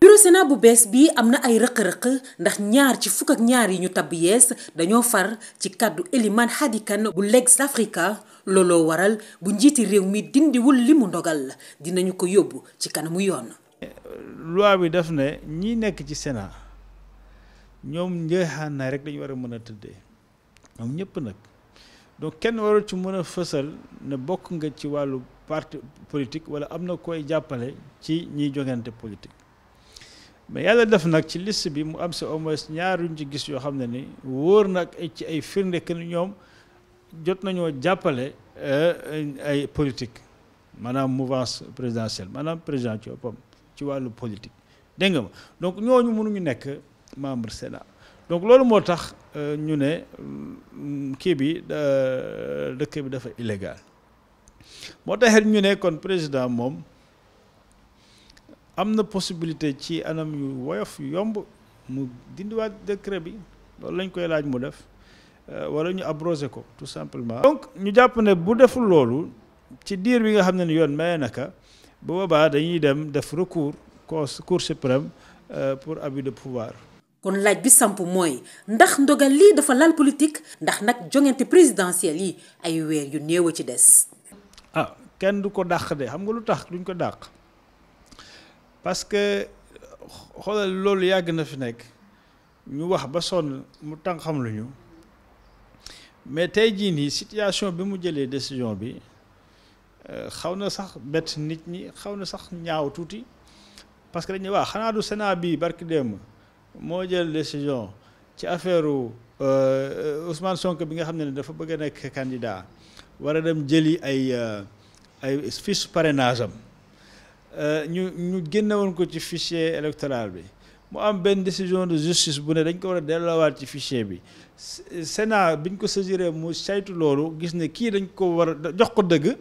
bureau Sénat bu bees bi am na ay rëq-rëq ndax ñaar ci fukk ak ñaar yi ñu tabb yees dañoo far ci kàddu Elimane Hadi Kane bu Legs Africa looloo waral bu njiiti réew mi dindiwul li mu ndogal dinañu ko yóbb ci kanamu yoon. loi bi daf ne ñi nekk ci Sénat ñoom njëxaan na rek dañu war a mën a tëddee ñoom ñëpp nag. donc kenn warul ci mën a fësal ne bokk nga ci wàllu parti politique wala am na koy jàppale ci ñiy jongante politique mais yàlla def nag ci list bi mu am si au moins ñaar yuñ ci gis yoo xam ne ni wóor nag ci ay firnde que ñoom jot nañoo jàppale euh, ay politique maanaam mouvance présidentielle maanaam président ci boppam ci wàllu politique dégg nga ma donc ñooñu mënuñu nekk membre Sénat donc loolu moo tax euh, ñu ne mm, kii bi euh, dëkk bi dafa illégal moo taxit ñu ne kon président moom am na possibilité ci anam yu woyof yomb mu dindiwaat décret bi loolu lañ koy laaj mu def euh, wala ñu abrogé ko tout simplement. donc ñu jàpp ne bu deful loolu ci diir bi nga xam ne ni yoon maye naka bu boobaa dañuy dem def recours cour suprême pour abus de pouvoir. kon laaj bi samp mooy ndax ndogal lii dafa laal politique ndax nag jongante présidentielle yi ay weer yu néew a ci des. ah kenn du ko dàq de xam nga lu tax duñ ko dàq parce que xoolal loolu yàgg na fi nekk ñu wax ba sonn mu tàng xam lu ñu mais tey jii nii situation bi mu jëlee décision bi euh, xaw na sax bett nit ñi xaw na sax ñaaw tuuti parce que dañuy wax xanaa du senaa bii barki démb. moo jël décision ci affaire euh, Ousmane Sonko bi nga xam ne dafa bëgg a nekk candidat war a dem jëli ay euh, ay fiche parrainage euh, ñu ñu génne ko ci fichier électoral bi mu am benn décision de justice bu ne dañ ko war a delloowaat ci fichier bi Sénat bi ñu ko saisiré mu saytu loolu gis ne kii dañ ko war jox ko dëgg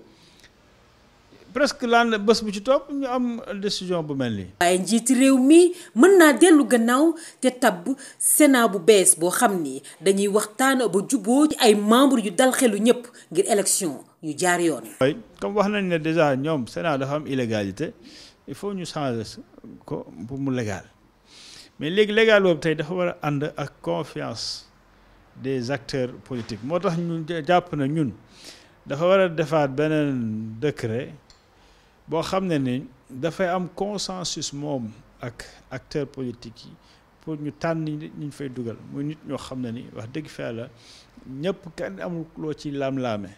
presque laan bés bu ci topp ñu am décision bu mel nii. waaye njiiti réew mi mën naa dellu gannaaw te tabb Sénat bu bees boo xam ni dañuy waxtaan ba juboo ci ay membres yu dal xelu ñëpp ngir élection yu jaar yoon. comme wax nañ ne déjà ñoom Sénat dafa am illégalité il faut ñu changer ko bu mu légal mais léegi légal boobu tey dafa war a ànd ak confiance des acteurs politiques moo tax ñu jàpp na ñun dafa war a defaat beneen décret. boo xam ne ni dafay am consensus moom ak acteur politiques yi pour ñu tànn ñu fay dugal muy nit ñoo xam ne ni wax dëgg fa la ñëpp kan amul loo ci laam-laame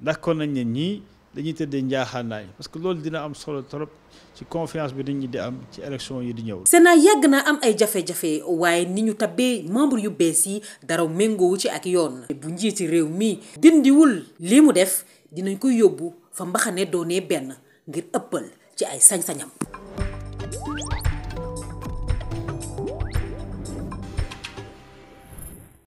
ndax kon nañ ne ñii dañuy tëddee njaaxaanaay parce que loolu dina am solo trop ci confiance bi nit di am ci élection yi di ñëw. Sénat yàgg na am ay jafe-jafe waaye ni ñu tabbee membre yu bees yi dara méngoowu ci ak yoon. bu njiiti réew mi dindiwul lii mu def dinañ koy yóbbu fa mbaxane doonee benn. ngir ëppal ci ay sañ-sañam